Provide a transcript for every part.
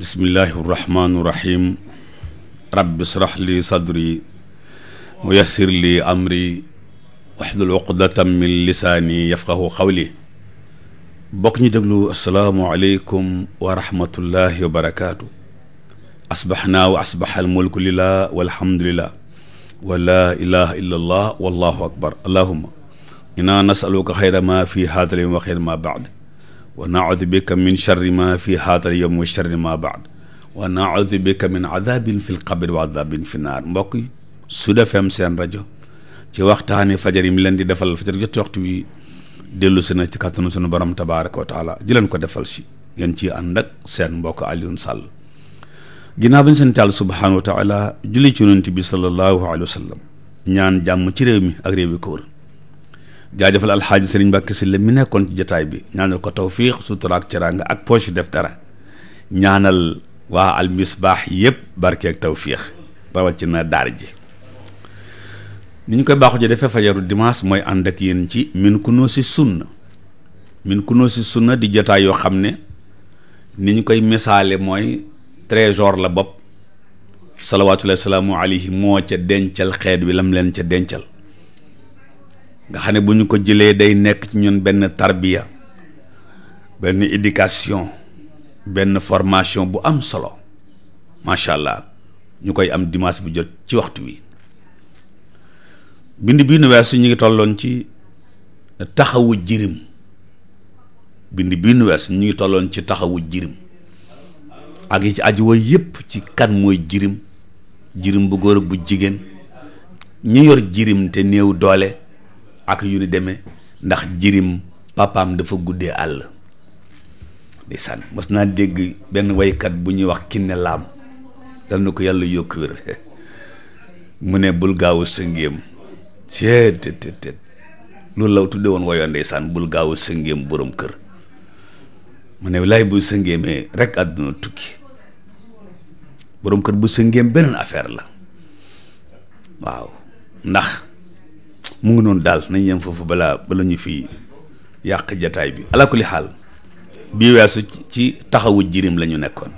bismillahi irrahmani irrahim rabbi israh li sadri wa yassir li amri waxdul uqdatan min lisaani yafqahu xawli bokk ñu déglu asalaamualeykum wa rahmatullahi wa barakaatu asbaxnaa wa asbaxa almulku lillah walhamdulillah wa laa ilaha illa allah wallahu akbar allahuma inna nasaluka xayra ma fi haadal yawm wa xayra ma baad wa naudu bika min charri ma fi haada al yowm wa charri ma baad wa naudu bika min adabin fi lqabri wa fi naar mbokk yi Sud FM seen rajo ci waxtaani fajar yi mi leen di defal fajar jot waxtu wi dellu si na ci kàttanu sunu borom tabaraka wa taala ji leen ko defal si ngeen ci ànd ak seen mbokk Alioune Sall ginnaaw bi ñu sant Yàlla subhaanahu wa taala ci yonent bi sallallahu alayhi wa ñaan jàmm ci réew mi ak jaajëfal alxaaji sëriñ si Sylla mu nekkoon ci jataay bi ñaanal ko tawfiix sutura ak teraanga ak poche def dara ñaanal waa almisbaax yëpp barkeeg tawfiix na daar ji ni ñu koy baaxu ji defee fajaru dimanche mooy ànd ak yéen ci min noo si sunna min ku si sunna di jataay yoo xam ne ni ñu koy misaale mooy trésor la bopp salawaatullahi salaamu alayhi moo ca dencal xeet bi lam leen ca dencal nga xam ne bu ñu ko jëlee day nekk ci ñun benn tarbiya benn éducation benn formation bu am solo macha allah ñu koy am dimas bu jot ci waxtu wi bind bii nu weesu ñu ngi tolloon ci taxawu jirim bind bii weesu ñu ngi tolloon ci taxawu jirim ak yi ci aju wooyu yépp ci kan mooy jirim jirim bu góor bu jigéen ñu yor jirim te néew doole ak yu ni demee ndax jirim papaam dafa guddee àll ndeysaan mas naa dégg benn woykat bu ñuy wax kinne laam dal na ko yàlla yokk wér mu ne bul gaawu sëngéem seet tet tet loolu la tudde woon woyoon ndeysaan bul gaawu sëngéem boroom kër mu ne lay bu sëngéemee rek àdduna tukki borom kër bu sëngéem beneen affaire la waaw ndax mu ngi noonu daal nañ yem foofu balaa bala ñu fi yàq jataay bi ala kulli xaal bii weesu ci taxawu jirim lañu nekkoon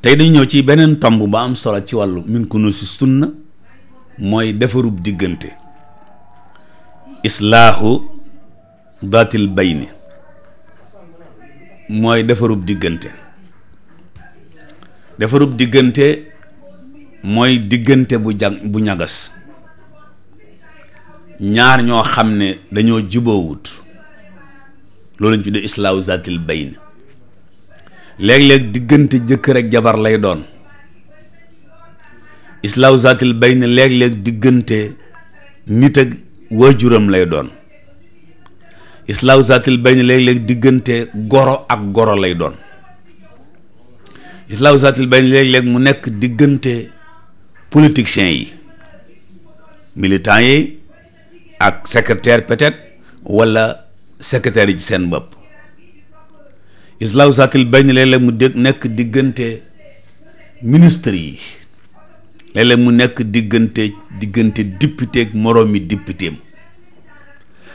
tey dañu ñëw ci beneen tomb ba am solo ci wàllu min ku nu si sunna mooy defarub diggante islaahu daatil bayni mooy defarub diggante defarub diggante mooy diggante bu jàng bu ñagas ñaar ñoo xam ne dañoo wut loolu lañ tuddee islaahu zatil bayn léeg-léeg diggante jëkkër ak jabar lay doon islaw zatil bayn léeg-léeg diggante nit ak waajuram lay doon islaahu zatil bayn diggante goro ak goro lay doon islaahu zatil bayn léeg-léeg mu nekk diggante politiciens yi militants yi ak secrétaire peut-être wala secrétaire yi seen bopp islaahu saakil bañ léeg-léeg mu dégg nekk diggante ministre yi léeg-léeg mu nekk diggante diggante député ak moroomi députéem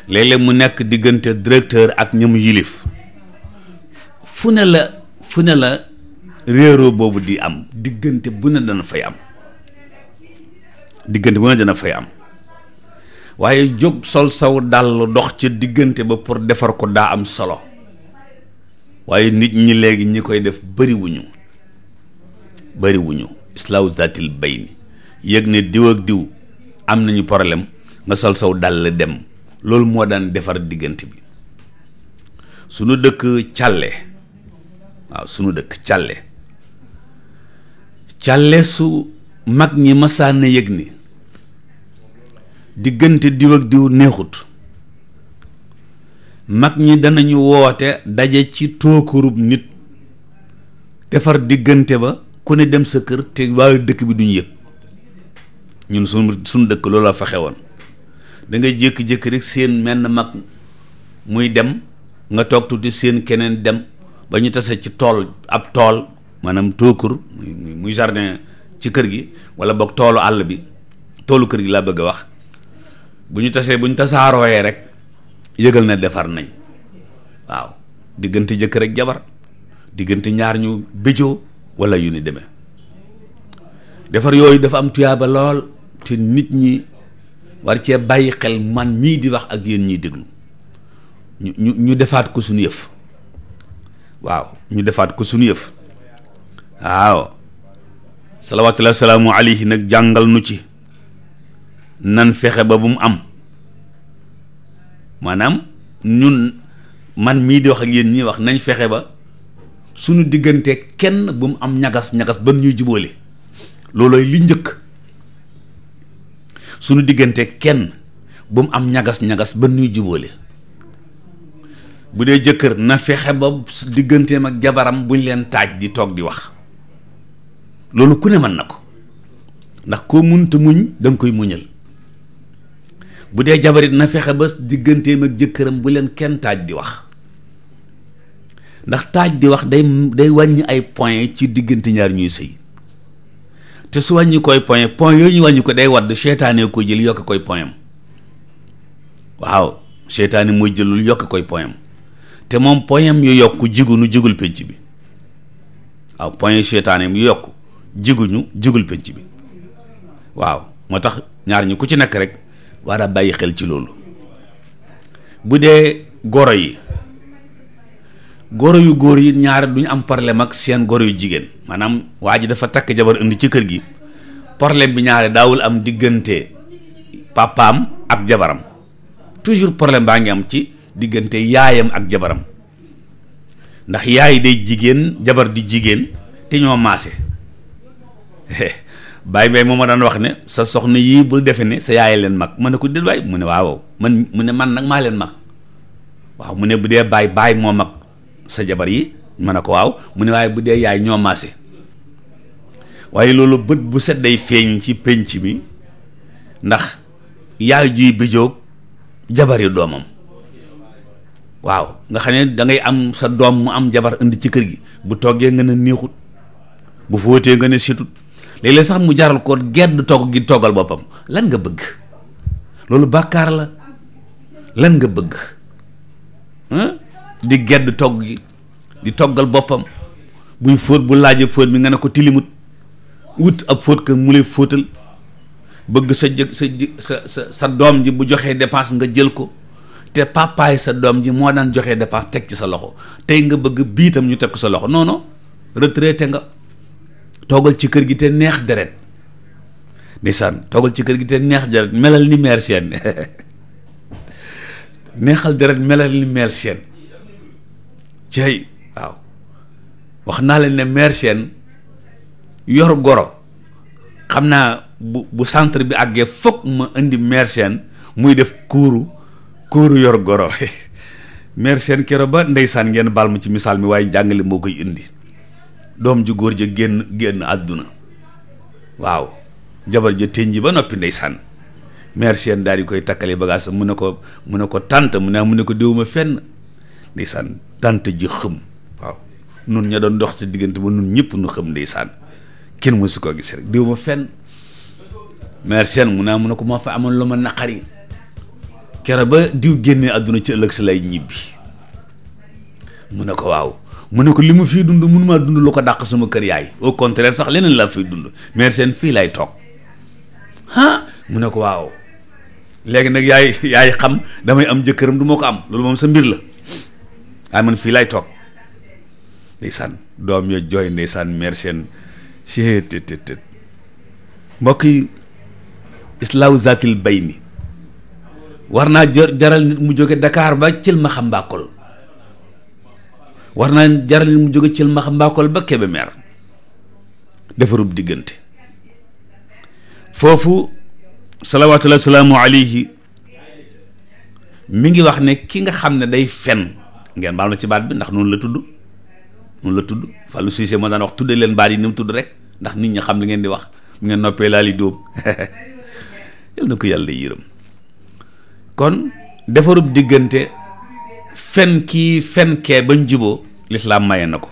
léeg-léeg mu nekk diggante directeur ak ñoom yilif fu ne la fu ne la réeroo boobu di am diggante bu ne dana fay am diggante bu ne dana fay am waaye jóg sol saw dàll dox ca diggante ba pour defar ko daa am solo waaye nit ñi léegi ñi koy def bëri bariwuñu bëri satil islaaw zatil yëg ne diw ak diw am nañu problème nga sol saw dàll dem loolu moo daan defar diggante bi sunu dëkk càlle waaw sunu dëkk càlle càlle su mag ñi ma na yëg ni diggante diw ak diw neexut mag ñi danañu woote daje ci tookurub nit defar diggante ba ku ne dem sa kër te waaye dëkk bi duñu yëg ñun suñu suñu dëkk loolu la fexe woon dangay ngay jékki rek seen menn mag muy dem nga toog tuuti seen keneen dem ba ñu tase ci tool ab tool maanaam tookur muy muy jardin ci kër gi wala boog toolu àll bi toolu kër gi laa bëgg a wax bu ñu tasee bu ñu tasaarooyee rek yëgal na defar nañ waaw diggante jëkkër ak jabar diggante ñaar ñu béjoo wala yu ni demee defar yooyu dafa am tuyaaba lool te nit ñi war cee bàyyi xel man mii di wax ak yéen ñi déglu ñu ñu defaat ko suñu yëf waaw ñu defaat ko suñu yëf waaw salaamu alayhi nag jàngal nu ci nan fexe ba bu mu am maanaam ñun man mii di wax ak yéen ñi wax nañ fexe ba suñu diggante kenn bu mu am ñagas ñagas ba ñuy jubóole loolooy li njëkk suñu diggante kenn bu am ñagas ñagas ba ñuy jubóole bu dee jëkkër na fexe ba digganteem ak jabaram buñ leen taaj di toog di wax loolu ku ne mën na ko ndax koo munta muñ danga koy muñal bu dee jabarit na fexe ba diggantee ak jëkkëram bu leen kenn taaj di wax ndax taaj di wax day day wàññi ay point ci diggante ñaar ñuy sëy te su wàññi koy point point yooyu ñu wàññi ko day wadd seetaanee ko jël yokk koy point am waaw seytaane mooy jëlul yokk koy point am te moom point am yokk jigunu jigul penc bi waaw point seytaane yu yokk jiguñu jigul penc bi waaw moo tax ñaar ñi ku ci nekk rek war a bàyyi xel ci loolu bu dee goro yi goro yu góor yi ñaar du am problème ak seen goro yu jigéen maanaam waa ji dafa takk jabar indi ci kër gi problème bi ñaare daawul am diggante papaam ak jabaram toujours problème baa ngi am ci diggante yaayam ak jabaram ndax yaay de jigéen jabar di jigéen te ñoo maase Baye Mbaye moo ma daan wax ne sa soxna yii bu defe ne sa yaay leen mag ma ne ko déet waay mu ne waaw man mu ne man nag maa leen mag waaw mu ne bu dee baay baay moo mag sa jabar yi ma ne ko waaw mu ne waaye bu dee yaay ñoo maase waaye loolu bët bu set day feeñ ci pénc mi ndax yaay juy bijoog jabar yi doomam waaw nga xam dangay am sa doom mu am jabar indi ci kër gi bu toggee nga ne neexut bu fóotee nga ne situt léeg-léeg sax mu jaral ko gedd togg gi toggal boppam lan nga bëgg loolu bàkkaar la lan nga bëgg di gedd togg gi di toggal boppam buy fóot bu laajee fóot bi nga ne ko tilimut wut ab fóot ka mu lay fóotal bëgg sa jëg sa sa sa sa doom ji bu joxee dépense nga jël ko te pàppaay sa doom ji moo daan joxee dépense teg ci sa loxo tey nga bëgg biitam ñu teg ko sa loxo noonu non nga toogal ci kër gi te neex deret ndeysaan toogal ci kër gi te neex deret melal ni mercienne neexal deret melal ni mercienne cey waaw wax naa leen ne mercienne yor goro xam naa bu bu centre bi àggee foog ma indi mercienne muy def kuuru kuuru yor goro mercienne kero ba ndeysaan ngeen baal ma ci misaal mi waaye jàngale moo koy indi doom ju góor ja génn génn àdduna waaw jabar ja ji ba noppi ndeysaan mère seen daal di koy takkale bagage mu ne ko mu ne ko tànta mu ne mu ne ko déwuma fenn ndeysaan tànt ji xëm waaw nun ña doon dox ci diggante ba nun ñëpp nu xëm ndeysaan kenn mësu koo gis rek déwuma fenn mère seen mu ne mu ne ko moo fa amoon lu ma naqari kere ba diw génne àdduna ci ëllëg si lay ñibbi mu ne ko waaw mu ne ko li mu fii dund mënumaa dund lu ko dàq sama kër yaay au contraire sax leneen laa fiy dund mais seen fii laay toog ah mu ne ko waaw léegi nag yaay yaay xam damay am jëkkëram du ma ko am loolu moom sa mbir la waaye man fii laay toog ndeysaan doom yo jooy ndeysaan mère seen si tët tët tët mbokk yi islaaw zatil bay ni war naa jaral nit mu jóge dakaar ba cël ma xam mbàkkol war naa jaral mu jóge ci max mbaakol ba Kébémer defarub diggante foofu salawaatullahi salaamu alayhi mu ngi wax ne ki nga xam ne day fen ngeen baax na ci baat bi ndax noonu la tudd noonu la tudd Fallou Cissé moo daan wax tudde leen baat yi ni mu tudd rek ndax nit ñi xam li ngeen di wax mu ngeen noppee laali dóob yal na ko yàlla yërëm kon defarub diggante fen kii ba kee lislaam maye na ko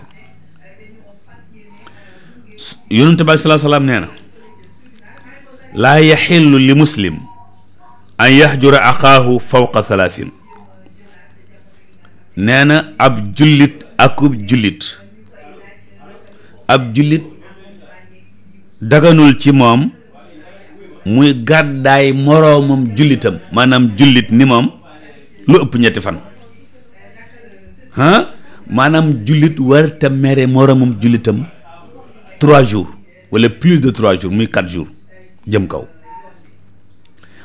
yonente bi aleyhi salaatu salaam nee na laa yaxillu fawqa nee na ab jullit akub jullit ab jullit daganul ci moom muy gàddaay moroomam jullitam maanaam jullit ni moom lu ëpp ñetti fan ah maanaam jullit war ta mere moromam jullitam trois jours wala plus de trois jours muy quatre jours jëm kaw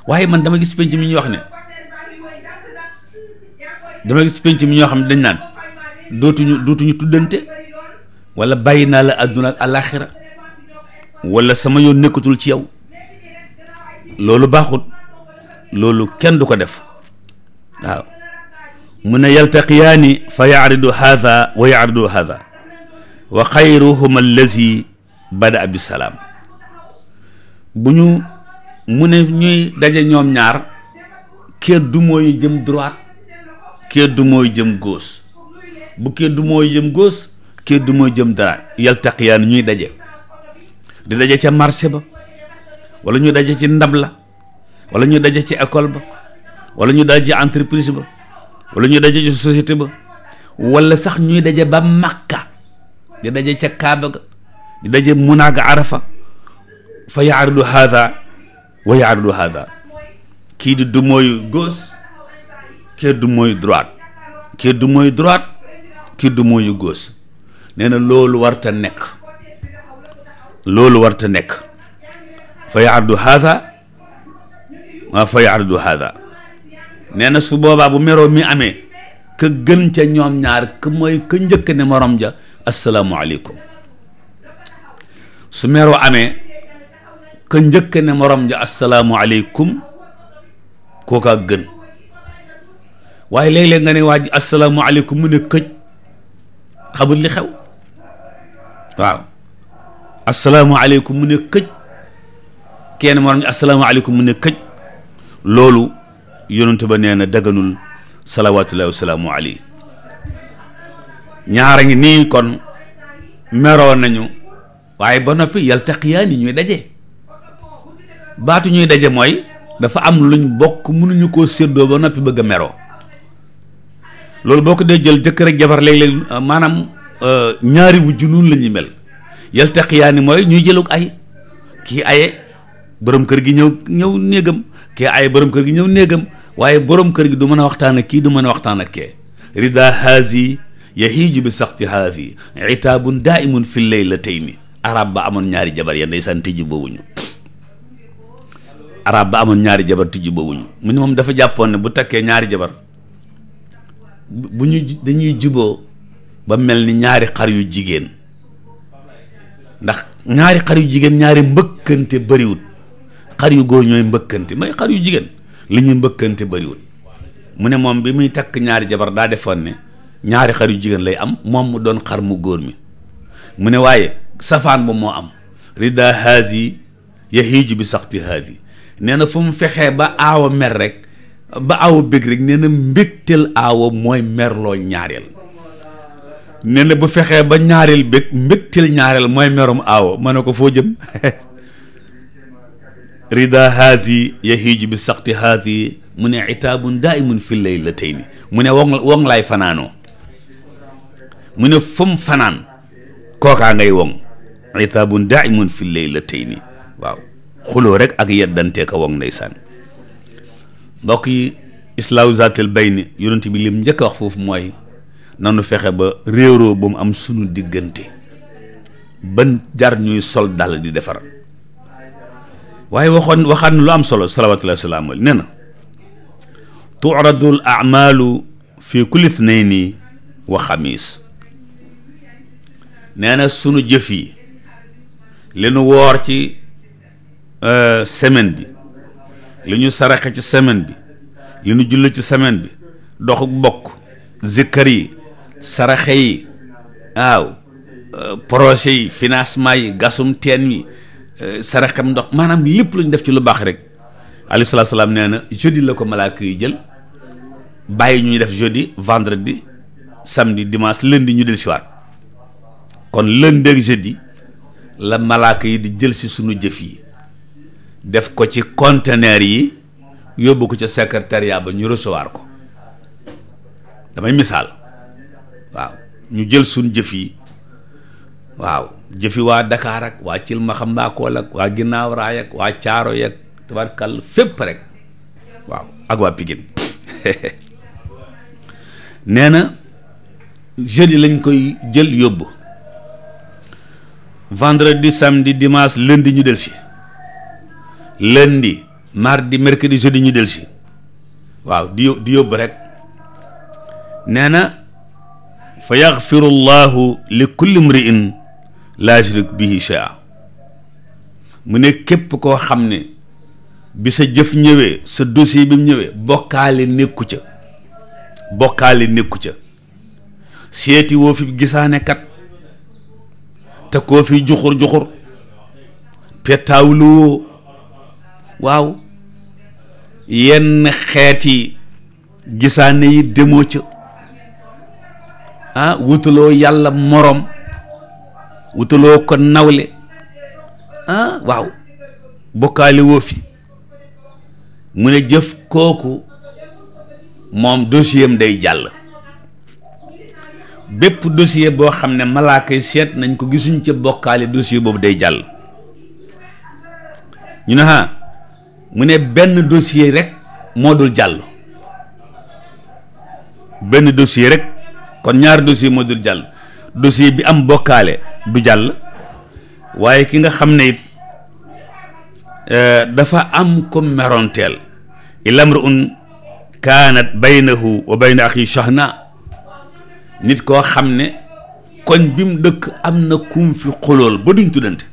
waaye man dama gis penc mi ñu wax ne dama gis penc mi ñoo xam ne dañ naan dootuñu dootuñu tuddante wala bàyyi naa la àdduna ak àllaaxira wala sama yoon nekkatul ci yow loolu baaxut loolu kenn du ko def waaw mu ne yaltaqiyaani fa yacridu haada wa yacridu haada wa xayruhuma allazi bada bisalaam bu ñu mu ne ñuy daje ñoom ñaar kee du mooy jëm droite kee du mooy jëm gauche bu kee du mooy jëm gauche kee du mooy jëm droite yaltaqiyaani ñuy daje di daje ca marché ba wala ñu daje ci ndab la wala ñu daje ci école ba wala ñu daje ci entreprise ba wala ñu daje ci société ba walla sax ñuy daje ba Makka di daje ca Kaaba ga di daje munaaga Arafa fa yaaradu haada wa yaaradu kii di du mooy gauche kii du mooy droite kii du mooy droite kii du mooy gauche nee na loolu warta nekk loolu warta nekk fa yaaradu haada wa fa du haada nee na su boobaa bu meroo mi amee ka gën ca ñoom ñaar ka mooy ka njëkk ne morom ja asalaamualeykum su meroo amee ka njëkk ne morom ja asalaamualeykum gën waaye léeg-léeg nga ne waa ji asalaamualeykum mu ne këj xamul li xew waaw asalaamualeykum mu ne këj kenn morom ja asalaamualeykum mu ne këj loolu yonent ba nee na daganul salawaatullahi wasalaamu alayhi ñaara ngi nii kon meroo nañu waaye ba noppi yaltaqiyaani ñuy daje baatu ñuy daje mooy dafa am luñ bokk mënuñu koo seddoo ba noppi bëgg a meroo loolu boo ko dee jël jëkkër ak jabar léeg-léeg euh, maanaam euh, ñaari wujju noonu la ñuy mel yaltaqiyaani mooy ñuy jëlug ay kii aye boroom kër gi ñëw ñëw néegam kii aye borom kër gi ñëw néegam waaye borom kër gi du mën a waxtaan ak kii du mën a waxtaan ak kee rida haazi yahiiju bi saxti haazi itaabun daaimun fi leylatayni arab ba amoon ñaari jabar ya ndeysaan tijji boowuñu arab ba amoon ñaari jabar tijji boowuñu mu ne moom dafa jàppoon ne bu takkee ñaari jabar bu ñu dañuy juboo ba mel ni ñaari xar yu jigéen ndax ñaari xar yu jigéen ñaari mbëkkante bëriwut xar yu góor ñooy mbëkkante may xar yu jigéen li ñuy mbëkkante bëriwul mu ne moom bi muy takk ñaari jabar daa defoon ne ñaari xar yu jigéen lay am moom mu doon xar mu góor mi mu ne waaye safaan ba moo am rida haasi yahiiju bi saxti haasi nee na fu mu fexee ba aawa mer rek ba aawa bëgg rek nee na mbégteel aawa mooy merloo ñaareel nee na bu fexee ba ñaareel bëgg mbégteel ñaareel mooy merum aawa ma ne ko foo jëm rida haasi yahiju bi saxti haasi mu ne itaabun daaimun fi laylatayni mu ne wong wong laay fanaanoo mu ne fum fanaan kookaa ngay wong itaabun daaimun fi laylatayni waaw xuloo rek ak yeddantee ko wong ndeysaan mbokk yi islaahu zaatil bayni yonent bi lim njëkk a wax foofu mooy nanu fexe ba réeroo bu mu am sunu diggante ban jar ñuy sol dal di defar waaye waxoon waxaat na lu am solo salawatullahi wasalaamu nee na turadul amalu fi kulli thnayni wa xamis nee na sunu jëf yi li nu woor ci euh, semaine bi li ñu saraxe ci semaine bi li ñu julli ci semaine bi doxu bokk zikkar yi saraxe yi waaw euh, projet yi financement yi gasum teen yi Euh, saraxam ndox maanaam lépp lu ñu def ci lu baax rek alayhi salaatu salaam nee na jeudi la ko malaaka yi jël bàyyi ñu def jeudi vendredi samedi dimanche lundi ñu del siwaat kon lundi ak jeudi la malaaka yi di jël si sunu jëf yi def ko ci conteneur yi yóbbu ko ca secrétariat ba ñu recevoir ko damay misaal waaw ñu jël sunu jëf yi waaw jëfi waa Dakar ak waa Cilma xam naa kool ak waa ginnaaw raay ak waa caaro yak tabarkal fépp rek waaw ak waa Pikine nee na jeunes yi lañ koy jël yóbbu vendredi samedi dimanche lundi ñu del si lundi mardi mercredi jeudi ñu del si waaw di di yóbbu rek nee na fa yaxfiru llahu li kulli mriin laa yushrik bihi shay'an mu ne képp koo xam ne bi sa jëf ñëwee sa dossier bi mu ñëwee bokkaale nekku ca bokkaale nekku ca seeti woo fi gisaane kat te koo fi juxur juxur pettaawuloo waaw yenn xeeti gisaane yi demoo ca ah wutuloo yàlla moroom wutaloo ko nawle ah waaw bokkaale woo fi mu ne jëf kooku moom dossier day jàll bépp dossier boo xam ne malaaka seet nañ ko gisuñ ca bokkaale dossier boobu day jàll ñu ne ah, mu ne benn dossier rek moo dul jàll benn dossier rek kon ñaar dossier moo dul jàll dossier bi am bokkaale du jàll waaye ki nga xam ne it euh, dafa am ko meronteel ilamruun kaanat baynahu wa bayna axi shahna nit koo xam ne koñ bi mu dëkk am na kum fi xolool ba duñ tuddante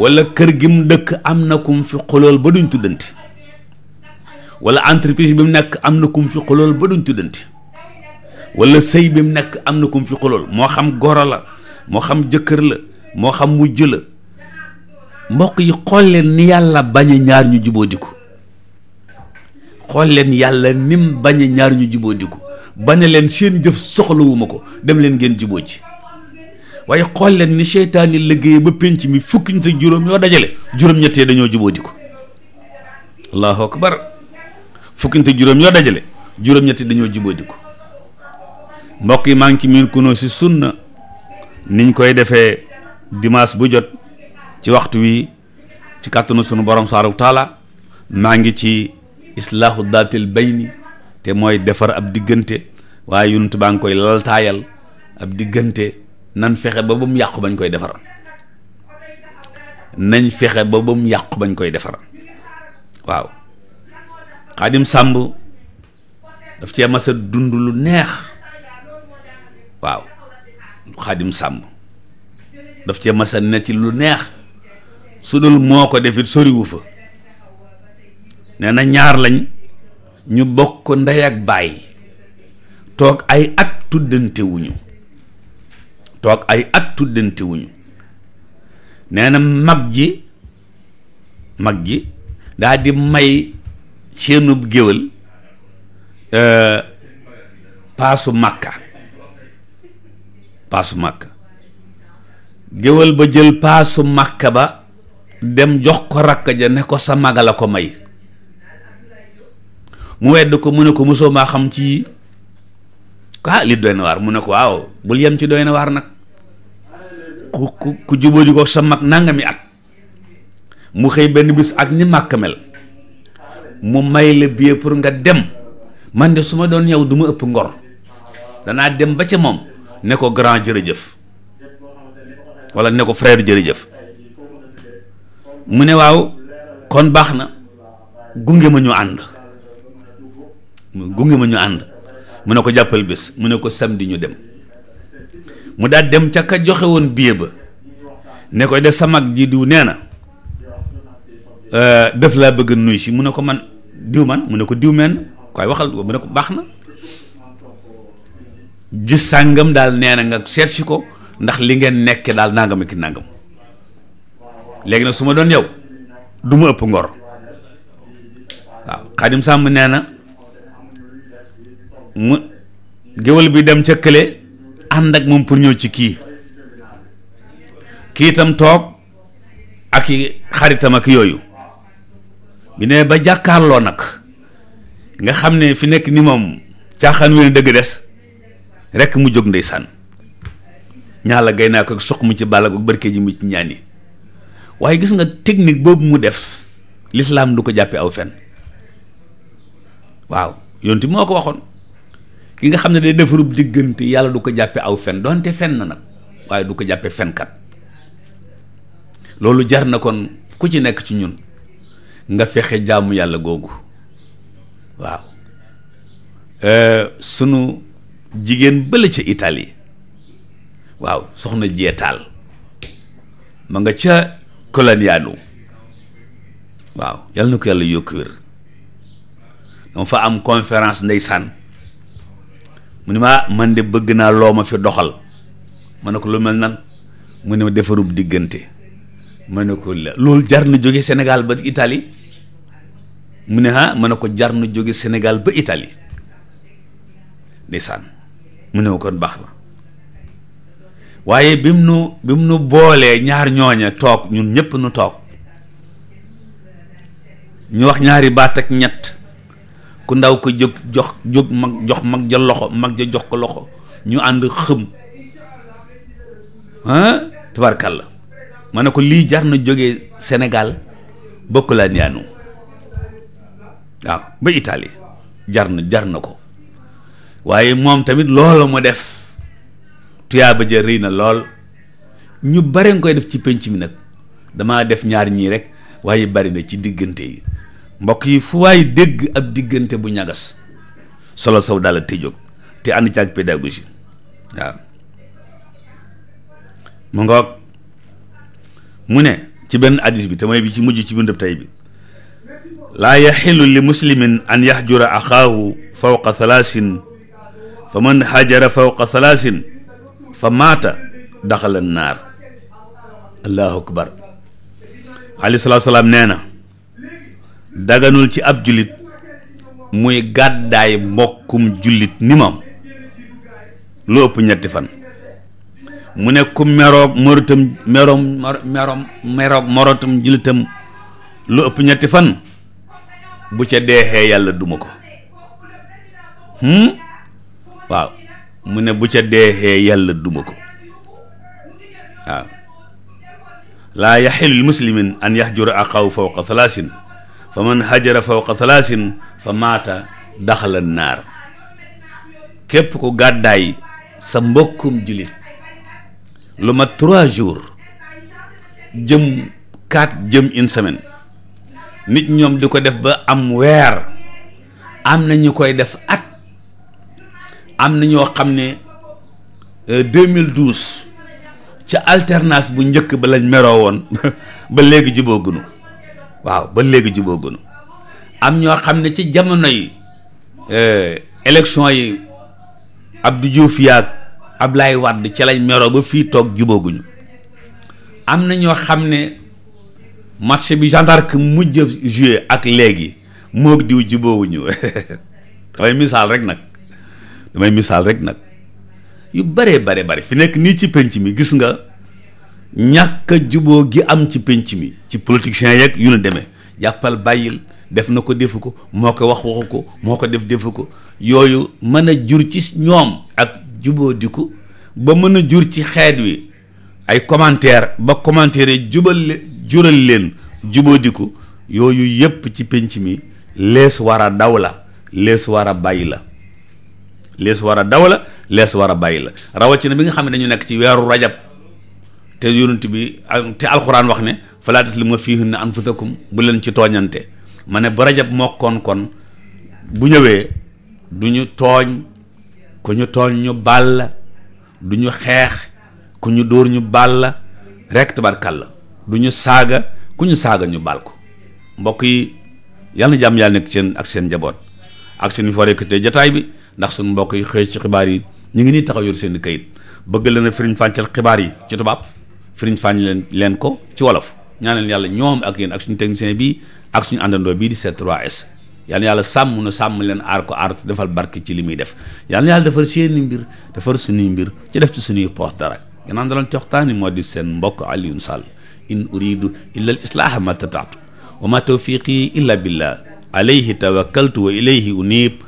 wala kër gi mu dëkk am na kum fi duñ tuddante entreprise bi mu nekk am na kum fi xolool ba duñ tuddante wala sëy bi mu nekk am na kum fi xolool moo xam goro la moo xam jëkkër la moo xam mujj la mbokk yi xool leen ni yàlla bañ a ñaar ñu jubóo diku xool leen yàlla nim bañ ñaar ñu jubóo diku bañ a leen seen jëf soxlawuma ko dem leen ngeen jubóo ci waaye xool leen ni seytaani liggéey ba pénc mi fukki nit ak juróom yoo dajale juróom-ñettee dañoo jubóo diku allahu akbar fukki dajale juróom dañoo jubóo mbokk yi maa ci miin kunoo si sunna niñ koy defee dimaas bu jot ci waxtu wi ci kàttanu sunu borom subhaanahu wa maa ngi ci islaahu daatil bayni te mooy defar ab diggante waaye yunit baa ngi koy laltaayal ab diggante nan fexe ba ba mu yàqu bañ koy defar nañ fexe ba ba mu yàqu bañ koy defar waaw xaadim sàmb daf cee mas a dund lu neex waaw xaadim sàmm daf cee masan ne ci lu neex su dul moo ko defit soriwu fa nee na ñaar lañ ñu bokk ndey ak bàyyi toog ay at tuddante toog ay at tuddante wuñu nee na mag ji mag ji daa di may seenub géwël euh, paasu màkka paasu màkk géwal ba jël paasu màkk ba dem jox ko rakk ja ne ko sa maga la ko may mu wedd ko mu ne ko mosoo maa xam ci ah li doy na waar mu ne ko waaw bul yem ci doy na waar nag ku ku ku jubóoju ko sa mag nangami at mu xëy benn bis ak ni màkk mel mu may la billet pour nga dem man de suma doon yow duma ëpp ngor danaa dem ba ca moom ne ko grand jërëjëf walla ne ko frère jërëjëf mu ne waaw kon baax na gunge ma ñu ànd gunge ma ñu ànd mu ne ko jàppal bés mu ne ko samedi ñu dem mu daal dem ca ka joxe woon billet ba ne koy de sa mag ji diw nee na euh, def laa bëgg nuyu si mu ne ko man diw man mu ne ko diw meen koy waxal mu ne ko baax na gis sàngam daal nee na nga seet si ko ndax li ngeen nekke daal nangam ki nàngam léegi nag su ma doon yow du ma ëpp ngor waaw xaadim sàmm nee na mu géwal bi dem ca kële ànd ak moom pour ñëw ci kii kii itam toog ak i xaritam ak yooyu bi ne ba jàkkaarloo nag nga xam ne fi nekk ni moom caaxaan wi ne dëgg des rek mu jóg ndeysaan ñaala gay naa ko suq mu ci bàlla ko barke ji mu ci ñaan waaye gis nga technique boobu mu def lislaam du ko jàppee aw fen waaw yonent bi moo ko waxoon ki nga xam ne day defarub diggante yàlla du ko jàppee aw fen donte fen na nag waaye du ko jàppee fenkat loolu jar na kon ku ci nekk ci ñun nga fexe jaamu yàlla googu waaw eh, sunu jigéen bële ca itali waaw soxna jeetaal ma nga ca Coloniano waaw yàlla na ko yàlla yokk wér dama fa am conférence saan mu ne ma man de bëgg naa loo ma fi doxal ma ne ko lu mel nan mu ne ma defarub diggante ma ne ko loolu jar na jóge Sénégal ba Italie mu ne ah ma ne ko jar na jóge Sénégal ba Italie ndeysaan mu ne kon baax na waaye bi mu nu bi mu nu boolee ñaar ñooña toog ñun ñëpp nu toog ñu wax ñaari baat ak ñett ku ndaw ko jóg jox jóg mag jox mag ja loxo mag ja jox ko loxo ñu ànd xëm ah tabarkalla ma ne ko lii jar na jóge senegal bokk laa niyaanu waaw ba Italie jar na jar na ko waaye moom tamit loola mu def tuyaaba ja rëy na lool ñu bare nga koy def ci penc mi nag damaa def ñaar ñii rek waaye bari na ci diggante yi mbokk yi fu waay dégg ab diggante bu ñagas solo saw daal te te ànd ci ak pédagogie waaw mu ngoog mu ne ci benn addis bi te mooy bi ci mujj ci bindub tey bi laa yaxilu li muslimin an yaxjura axaahu fawqa thalaasin fa man hajara fawqa thalaasin fa maata daxala naar allahu akbar alayhi salaatu salaam nee na daganul ci ab jullit muy gàddaay mbokkum jullit ni moom lu ëpp ñetti fan mu ne ku meroob morotam meroom meroom meroob morotam jullitam lu ëpp ñetti fan bu ca deexee yàlla duma ko hmm? waaw mu ne bu ca deexee yàlla duma ko waaw laa yaxilu lil muslimin an yaxjura axaahu fawqa thalaasin fa man hajara fawqa fa maata daxala naar képp ku gàddaay sa mbokkum jullit lu mat trois jours jëm quatre jëm une semaine nit ñoom di ko def ba am weer am na ñu koy def at am na ñoo xam ne 2012 euh, ca alternance bu njëkk ba lañ meroo woon ba léegi juboo gunu waaw ba léegi juboo gunu am ñoo xam ne ci jamono yi euh, élection yi Abdou Diouf yaag Ablaye Wade ci lañ meroo ba fii toog jubooguñu am na ñoo xam ne marché bi gendarme mujj joué ak léegi moog diw juboowuñu damay misaal rek nag damay misaal rek nag yu bare bare bare fi nekk nii ci pénc mi gis nga ñàkk jubo gi am ci pénc mi ci politiciens yeeg yu nu demee jàppal bàyyil def na ko defu ko moo ko wax waxu ko moo ko def defu ko yooyu mën a jur ci ñoom ak jubo diku ba mën a jur ci xeet wi ay commentaire ba commentaire jubal jural leen juboo diku yooyu yépp ci pénc mi lees war a daw la lees war a bàyyi la lees war a daw la lees war a bàyyi la rawatina bi nga xam ne dañu nekk ci weeru rajab te yonent bi te alxuraan wax ne falaa taslimu fiihinna anfusakum bu leen ci tooñante ma ne bu rajab moo kon kon bu ñëwee du ñu tooñ ku ñu tooñ ñu baal la du ñu xeex ku ñu dóor ñu baal la rek tabarkàlla du ñu saaga ku ñu saaga ñu baal ko mbokk yi yàlla na jàmm yàlla nekk seen ak seen njaboot ak seen i forekate jataay bi ndax suñu mbokk yi xëy ci xibaar yi ñu ngi nii taxaw yor seen kayit bëgg leen a firiñ fàncal xibaar yi ci tubaab firiñ fànc leen leen ko ci wolof ñaanal yàlla ñoom ak yéen ak suñu technicien bii ak suñu àndandoo bii di C3S yal na yàlla sàmm na sàmm leen aar ko aar defal barke ci li muy def yal na yàlla defar seeni mbir defar suñuy mbir ci def ci suñuy poos dara gannaaw daloon ci waxtaani moo di seen mbokk Alioune Sall in uridu illa al islaaha ma tataatu wa ma tawfiqi illa billah alayhi tawakkaltu wa ilayhi unib